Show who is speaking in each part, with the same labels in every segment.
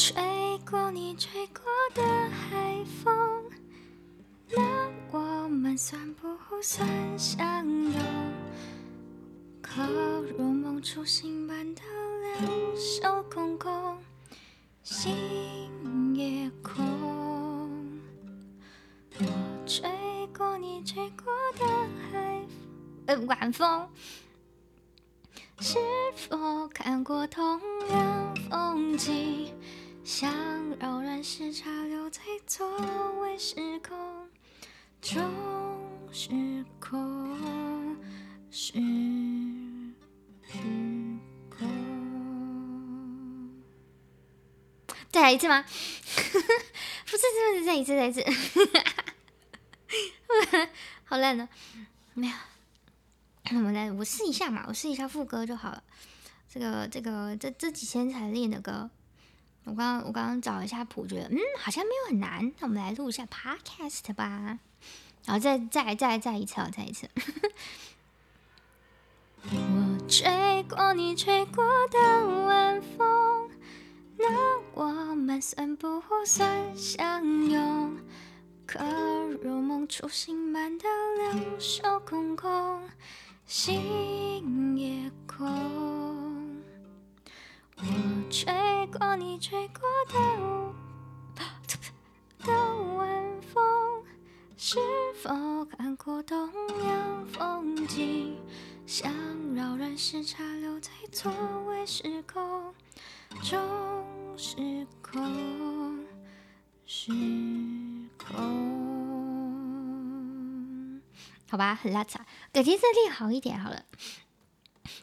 Speaker 1: 吹過你吹過的海風，那我們算不算相擁？可如夢初醒般的兩手空空，心也空。我吹過你吹過的海、呃、晚風，是否看過同樣風景？像擾亂時差，留在錯位，時空，終時空，時空。
Speaker 2: 再來一次嗎？ 不是，這不，不是，再一次，再來一次。 好爛呢、啊，沒有。 我們來，我試一下嘛，我試一下副歌就好了。這個，這個，這這幾天才練的歌。我剛剛我剛剛找一下譜，覺得嗯，好像沒有很難，那我們來錄一下 podcast 吧，然、哦、後再再再再一次，哦，再一次。
Speaker 1: 我吹過你吹過的晚風，那我們算不算相擁，可如夢初醒般的兩手空空，心也空。我吹過你吹過的、的晚風，是否看過同樣風景？想擾亂時差，留在錯位時空，終是空，時
Speaker 2: 空。好吧，很拉碴，感情設定好一點好了。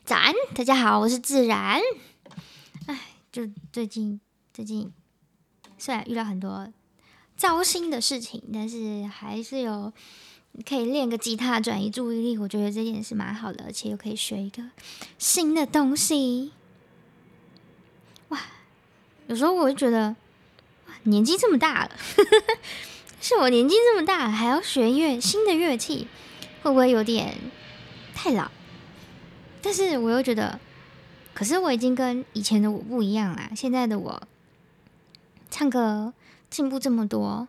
Speaker 2: 早安，大家好，我是自然。就最近，最近雖然遇到很多糟心的事情，但是還是有可以練個吉他轉移注意力。我覺得這件事蠻好的，而且又可以學一個新的東西。哇，有時候我就覺得，哇，年紀這麼大了，呵呵，是我年紀這麼大還要學樂新的樂器，會不會有點太老？但是我又覺得。可是我已經跟以前的我不一樣啦，現在的我唱歌進步這麼多，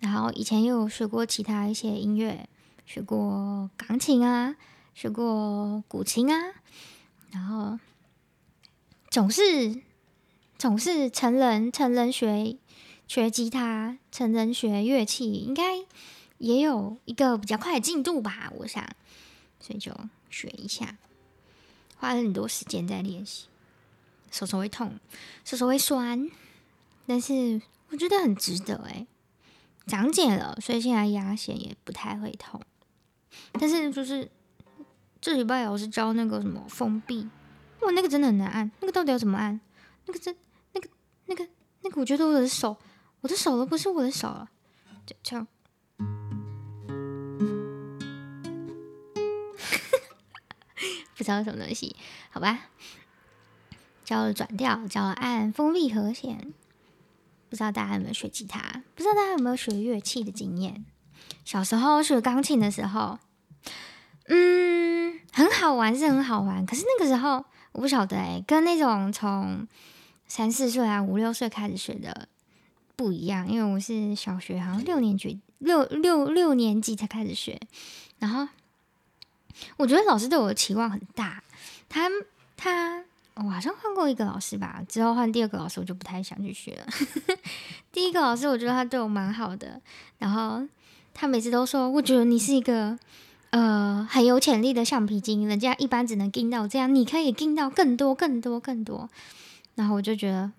Speaker 2: 然後以前又有學過其他一些音樂，學過鋼琴啊，學過古琴啊，然後總是總是成人成人學學吉他，成人學樂器，應該也有一個比較快的進度吧，我想，所以就學一下。花了很多時間在練習，手手會痛，手手會酸，但是我覺得很值得誒、欸、長繭了，所以現在壓弦也不太會痛。但是就是這禮拜老師教那個什麼封閉，我那個真的很難按，那個到底要怎麼按？那個真那個那個那個，那個那個，我覺得我的手，我的手都不是我的手了，就這樣。不知道什麼東西，好吧？教了轉調，教了按封閉和弦。不知道大家有沒有學吉他？不知道大家有沒有學樂器的經驗？小時候學鋼琴的時候，嗯，很好玩，是很好玩。可是那個時候，我不曉得哎、欸，跟那種從三四歲啊、五六歲開始學的不一樣，因為我是小學好像六年級、六六六年級才開始學，然後。我覺得老師對我的期望很大，他他我好像換過一個老師吧，之後換第二個老師我就不太想去學了呵呵。第一個老師我覺得他對我蠻好的，然後他每次都說，我覺得你是一個呃很有潛力的橡皮筋，人家一般只能定到這樣，你可以定到更多更多更多。然後我就覺得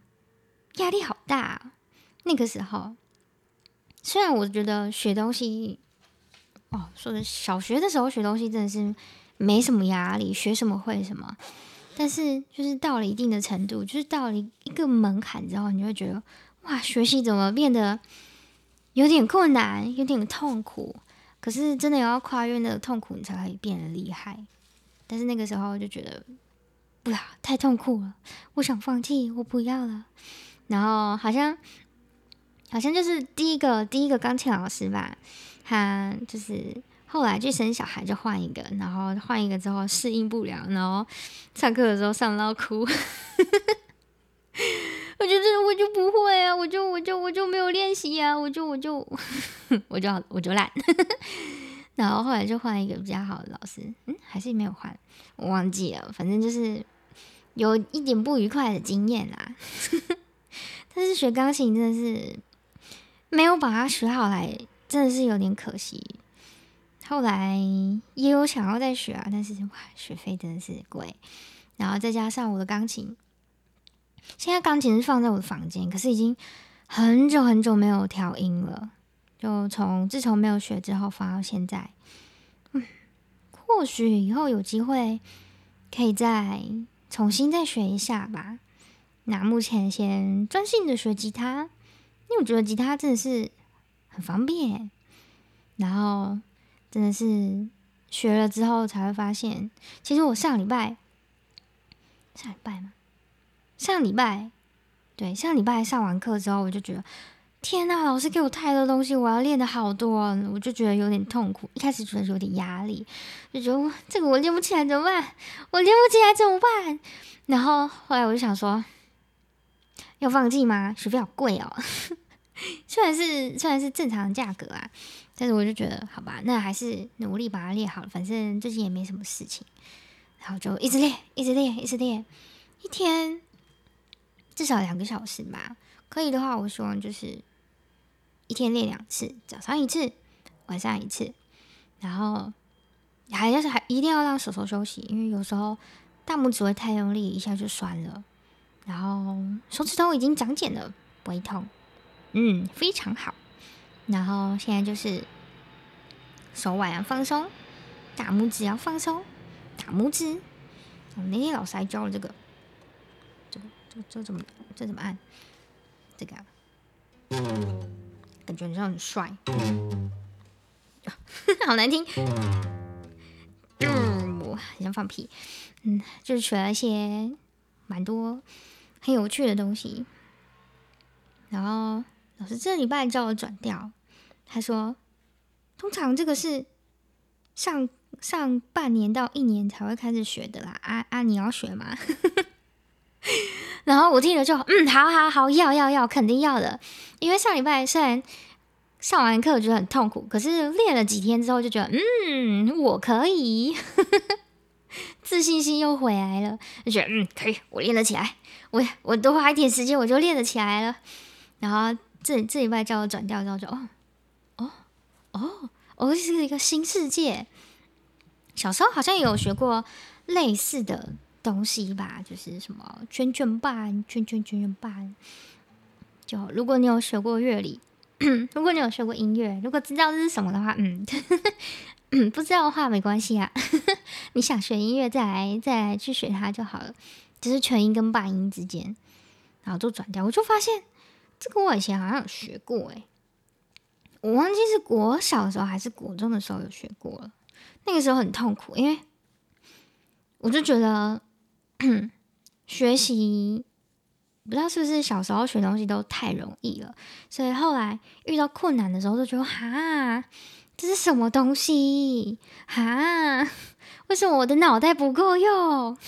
Speaker 2: 壓力好大。那個時候雖然我覺得學東西。哦，說的，小學的時候學東西真的是沒什麼壓力，學什麼會什麼。但是就是到了一定的程度，就是到了一個門檻之後，你就會覺得，哇，學習怎麼變得有點困難，有點痛苦。可是真的要跨越那個痛苦，你才會變得厲害。但是那個時候就覺得，不要太痛苦了，我想放棄，我不要了。然後好像，好像就是第一個第一個鋼琴老師吧。他，就是後來去生小孩，就換一個，然後換一個之後適應不了，然後上課的時候上到哭 我覺得我就不會啊，我就我就我就沒有練習啊，我就我就我就我就懶。就就 然後後來就換一個比較好的老師，嗯，還是沒有換，我忘記了。反正就是有一點不愉快的經驗啦。 但是學鋼琴真的是沒有把它學好來。真的是有點可惜。後來也有想要再學啊，但是哇，學費真的是貴。然後再加上我的鋼琴，現在鋼琴是放在我的房間，可是已經很久很久沒有調音了。就從自從沒有學之後放到現在，嗯，或許以後有機會可以再重新再學一下吧。那目前先專心的學吉他，因為我覺得吉他真的是。很方便，然後真的是學了之後才會發現，其實我上禮拜，上禮拜嗎？上禮拜，對，上禮拜上完課之後，我就覺得天吶啊，老師給我太多東西，我要練的好多哦，我就覺得有點痛苦。一開始覺得有點壓力，就覺得這個我練不起來怎麼辦？我練不起來怎麼辦？然後後來我就想說，要放棄嗎？學費好貴哦。雖然是雖然是正常的價格啊，但是我就覺得好吧，那還是努力把它練好了。反正最近也沒什麼事情，然後就一直練，一直練，一直練，一天至少兩個小時吧。可以的話，我希望就是一天練兩次，早上一次，晚上一次。然後還要是還一定要讓手手休息，因為有時候大拇指會太用力一下就酸了。然後手指頭已經長繭了，不會痛。嗯，非常好。然後現在就是手腕要放鬆，大拇指要放鬆，大拇指。哦，那天老師還教了這個，這這這怎麼這怎麼按？這個、啊嗯、感覺好像很帥，嗯哦、呵呵好難聽，
Speaker 1: 嗯、呃，
Speaker 2: 好像放屁。嗯，就是學了一些蠻多很有趣的東西，然後。老師這禮拜叫我轉調。他說，通常這個是上上半年到一年才會開始學的啦。啊啊，你要學嗎？ 然後我聽了就嗯，好好好，要要要，肯定要的。因為上禮拜雖然上完課覺得很痛苦，可是練了幾天之後就覺得嗯，我可以， 自信心又回來了。就覺得嗯，可以，我練得起來。我我多花一點時間，我就練得起來了。然後。這這一外教，轉調之後，就哦，哦，哦，哦，是一個新世界。小時候好像也有學過類似的東西吧，就是什麼全全半、全全全全半。就如果你有學過樂理，如果你有學過音樂，如果知道這是什麼的話，嗯，呵呵嗯，不知道的話沒關係啊。呵呵，你想學音樂，再來再來去學它就好了。就是全音跟半音之間，然後就轉調，我就發現。這個我以前好像有學過誒、欸。我忘記是國小的時候還是國中的時候有學過了。那個時候很痛苦，因為我就覺得 學習，不知道是不是小時候學東西都太容易了，所以後來遇到困難的時候就覺得哈，這是什麼東西？哈，為什麼我的腦袋不夠用？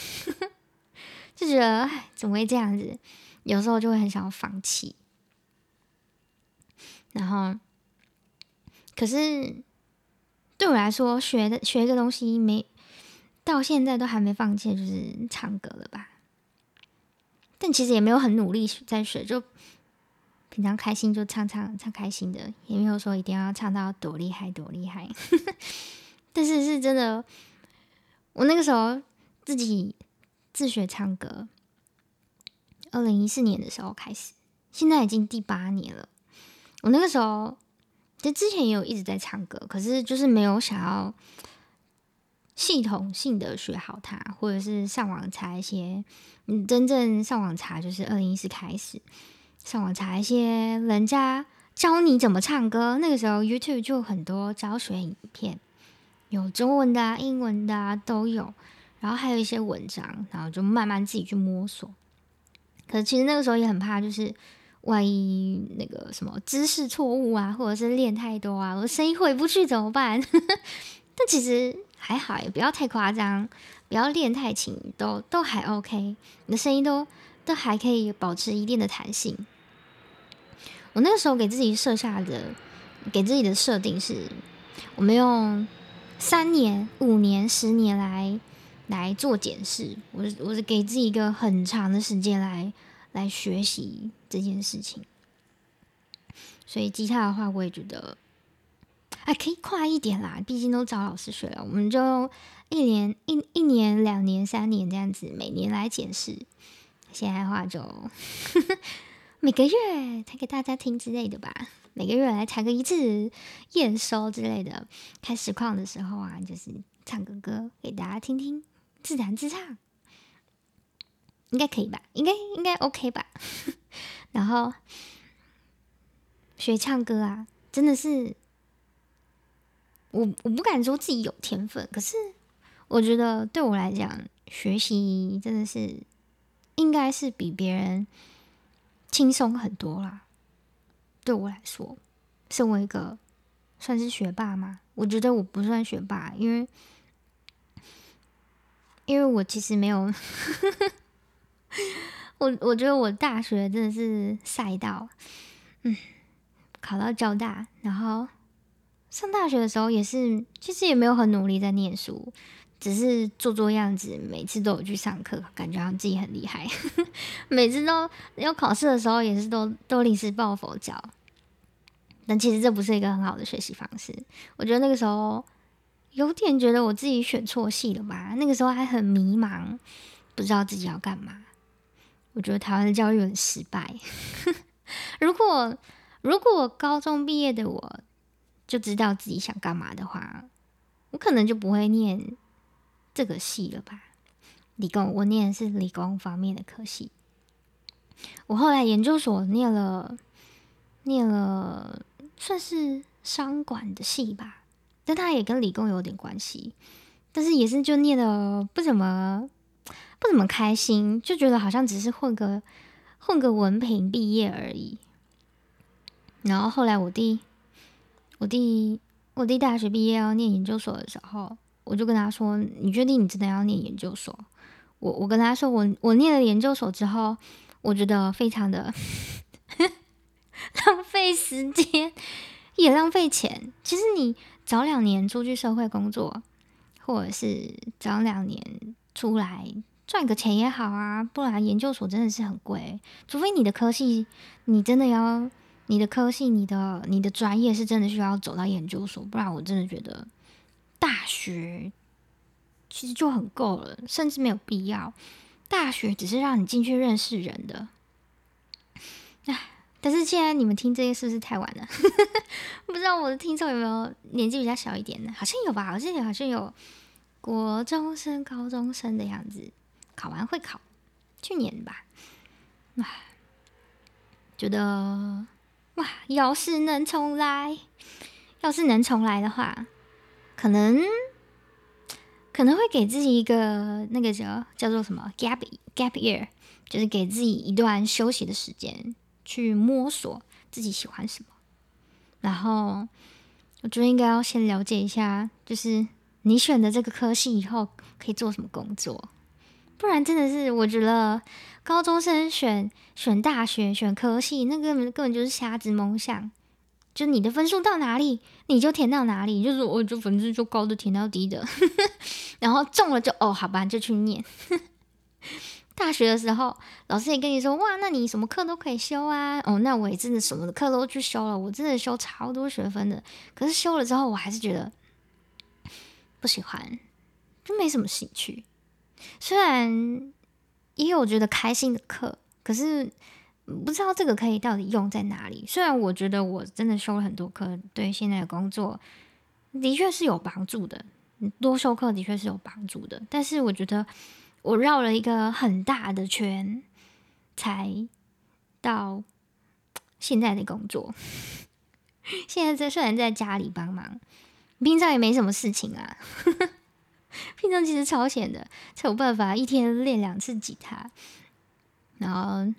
Speaker 2: 就覺得唉，怎麼會這樣子？有時候就會很想要放棄。然後，可是對我來說，學的學的東西沒到現在都還沒放棄，就是唱歌了吧。但其實也沒有很努力在學，就平常開心就唱唱唱開心的，也沒有說一定要唱到多厲害多厲害。 但是是真的，我那個時候自己自學唱歌，二零一四年的時候開始，現在已經第八年了。我那個時候，就之前也有一直在唱歌，可是就是沒有想要系統性的學好它，或者是上網查一些，嗯，真正上網查就是二零一四開始上網查一些人家教你怎麼唱歌。那個時候 YouTube 就很多教學影片，有中文的、啊、英文的、啊、都有，然後還有一些文章，然後就慢慢自己去摸索。可是其實那個時候也很怕，就是。萬一那個什麼姿勢錯誤啊，或者是練太多啊，我聲音回不去怎麼辦？ 但其實還好，也不要太誇張，不要練太勤，都都還 OK，你的聲音都都還可以保持一定的彈性。我那個時候給自己設下的，給自己的設定是，我們用三年、五年、十年來來做檢視，我是我是給自己一個很長的時間來來學習這件事情，所以吉他的話，我也覺得，哎、啊，可以快一點啦。畢竟都找老師學了，我們就一年一一年、兩年、三年這樣子，每年來檢視。現在的話就，就每個月彈給大家聽之類的吧。每個月來彈個一次驗收之類的。開實況的時候啊，就是唱個歌給大家聽聽，自彈自唱，應該可以吧？應該應該 OK 吧？然後學唱歌啊，真的是我我不敢說自己有天分，可是我覺得對我來講，學習真的是應該是比別人輕鬆很多啦。對我來說，身為一個算是學霸嘛，我覺得我不算學霸，因為因為我其實沒有。 我我覺得我大學真的是賽到，嗯，考到交大，然後上大學的時候也是，其實也沒有很努力在念書，只是做做樣子，每次都有去上課，感覺好像自己很厲害，呵呵，每次都要考試的時候也是都都臨時抱佛腳，但其實這不是一個很好的學習方式。我覺得那個時候有點覺得我自己選錯系了吧，那個時候還很迷茫，不知道自己要幹嘛。我覺得台灣的教育很失敗。 如果如果高中畢業的我就知道自己想幹嘛的話，我可能就不會念這個系了吧？理工，我念的是理工方面的科系。我後來研究所念了，念了算是商管的系吧，但它也跟理工有點關係，但是也是就念了不怎麼。不怎麼開心，就覺得好像只是混個混個文憑畢業而已。然後後來我弟，我弟，我弟大學畢業要念研究所的時候，我就跟他說：“你確定你真的要念研究所？”我我跟他說：“我我念了研究所之後，我覺得非常的 浪費時間，也浪費錢。其實你早兩年出去社會工作，或者是早兩年。”出來賺個錢也好啊，不然研究所真的是很貴。除非你的科系，你真的要你的科系，你的你的專業是真的需要走到研究所，不然我真的覺得大學其實就很夠了，甚至沒有必要。大學只是讓你進去認識人的。唉，但是現在你們聽這些是不是太晚了？ 不知道我的聽眾有沒有年紀比較小一點的？好像有吧？好像有好像有。國中生、高中生的樣子，考完會考，去年吧。唉，覺得哇，要是能重來，要是能重來的話，可能可能會給自己一個那個叫叫做什麼 gap gap year，就是給自己一段休息的時間，去摸索自己喜歡什麼。然後我覺得應該要先了解一下，就是。你選的這個科系以後可以做什麼工作？不然真的是我覺得高中生選選大學選科系，那根本，根本就是瞎子摸象。就你的分數到哪裡，你就填到哪裡，就是我就分數就高的填到低的， 然後中了就哦好吧，就去念 大學的時候，老師也跟你說哇，那你什麼課都可以修啊。哦，那我也真的什麼課都去修了，我真的修超多學分的。可是修了之後，我還是覺得。不喜歡，就沒什麼興趣。雖然也有我覺得開心的課，可是不知道這個可以到底用在哪裡。雖然我覺得我真的修了很多課，對現在的工作的確是有幫助的。多修課的確是有幫助的，但是我覺得我繞了一個很大的圈，才到現在的工作。現在在雖然在家裡幫忙。平常也沒什麼事情啊，呵呵，平常其實超閒的，才有辦法一天練兩次吉他，然後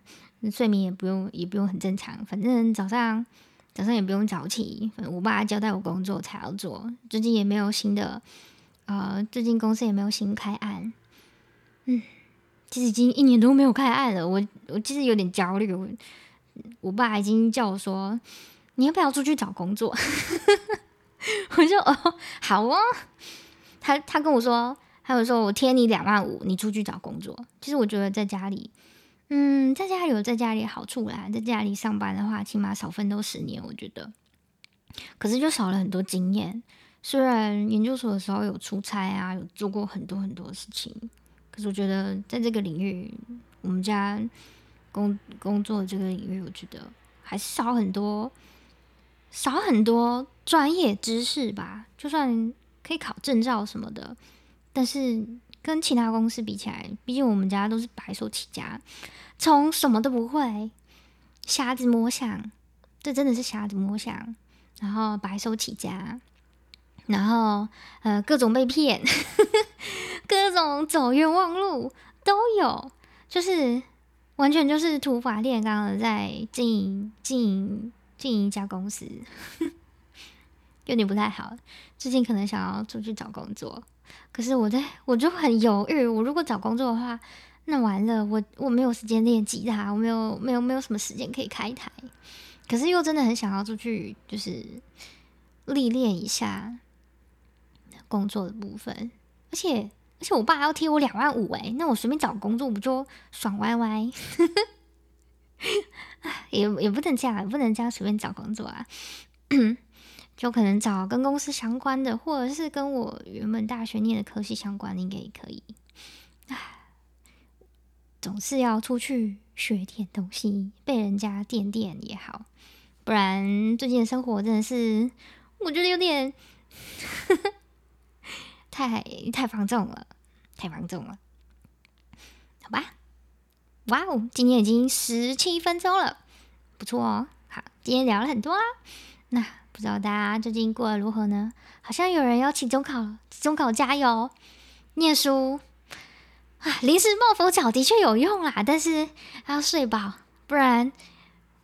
Speaker 2: 睡眠也不用，也不用很正常。反正早上早上也不用早起，我爸交代我工作才要做。最近也沒有新的，呃，最近公司也沒有新開案，嗯，其實已經一年多沒有開案了。我我其實有點焦慮，我我爸已經叫我說，你要不要出去找工作？呵呵我就哦，好哦。他他跟我說，他有說，我貼你兩萬五，你出去找工作。其實我覺得在家裡，嗯，在家裡有在家裡好處啦，在家裡上班的話，起碼少奮鬥十年，我覺得。可是就少了很多經驗。雖然研究所的時候有出差啊，有做過很多很多事情，可是我覺得在這個領域，我們家工工作這個領域，我覺得還是少很多，少很多。專業知識吧，就算可以考證照什麼的，但是跟其他公司比起來，畢竟我們家都是白手起家，從什麼都不會，瞎子摸象，這真的是瞎子摸象，然後白手起家，然後呃各種被騙，各種走冤枉路都有，就是完全就是土法煉鋼的在經營經營經營一家公司。呵呵有點不太好，最近可能想要出去找工作，可是我在我就很猶豫。我如果找工作的話，那完了，我我沒有時間練吉他，啊，我沒有沒有沒有什麼時間可以開台。可是又真的很想要出去，就是歷練一下工作的部分。而且而且我爸要貼我兩萬五，誒，那我隨便找工作不就爽歪歪？ 也也不能這樣，也不能這樣隨便找工作啊。 就可能找跟公司相關的，或者是跟我原本大學念的科系相關的，應該也可以。唉，總是要出去學點東西，被人家電電也好，不然最近的生活真的是我覺得有點 太太放縱了，太放縱了。好吧，哇哦，今天已經十七分鐘了，不錯哦。好，今天聊了很多啊，那。不知道大家最近過得如何呢？好像有人要期中考，中考加油！唸書啊，臨時抱佛腳的確有用啦，但是還要睡飽，不然。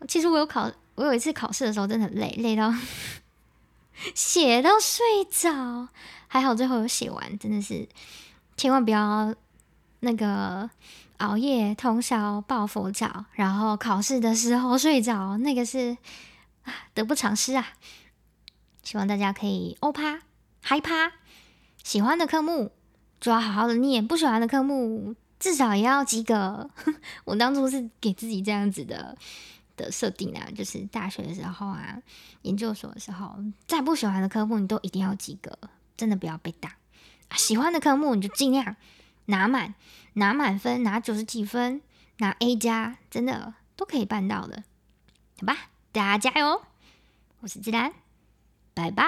Speaker 2: 其實我有考，我有一次考試的時候真的很累，累到寫 到睡着，還好最後有寫完。真的是，千萬不要那個熬夜通宵抱佛腳，然後考試的時候睡着，那個是。得不償失啊！希望大家可以歐趴、嗨趴。喜歡的科目就要好好的念，不喜歡的科目至少也要及格。哼，我當初是給自己這樣子的的設定啊，就是大學的時候啊，研究所的時候，再不喜歡的科目你都一定要及格，真的不要被當、啊。喜歡的科目你就盡量拿滿、拿滿分、拿九十幾分、拿 A 加，真的都可以辦到的。好吧。大家喲，加油，我是自然，拜拜。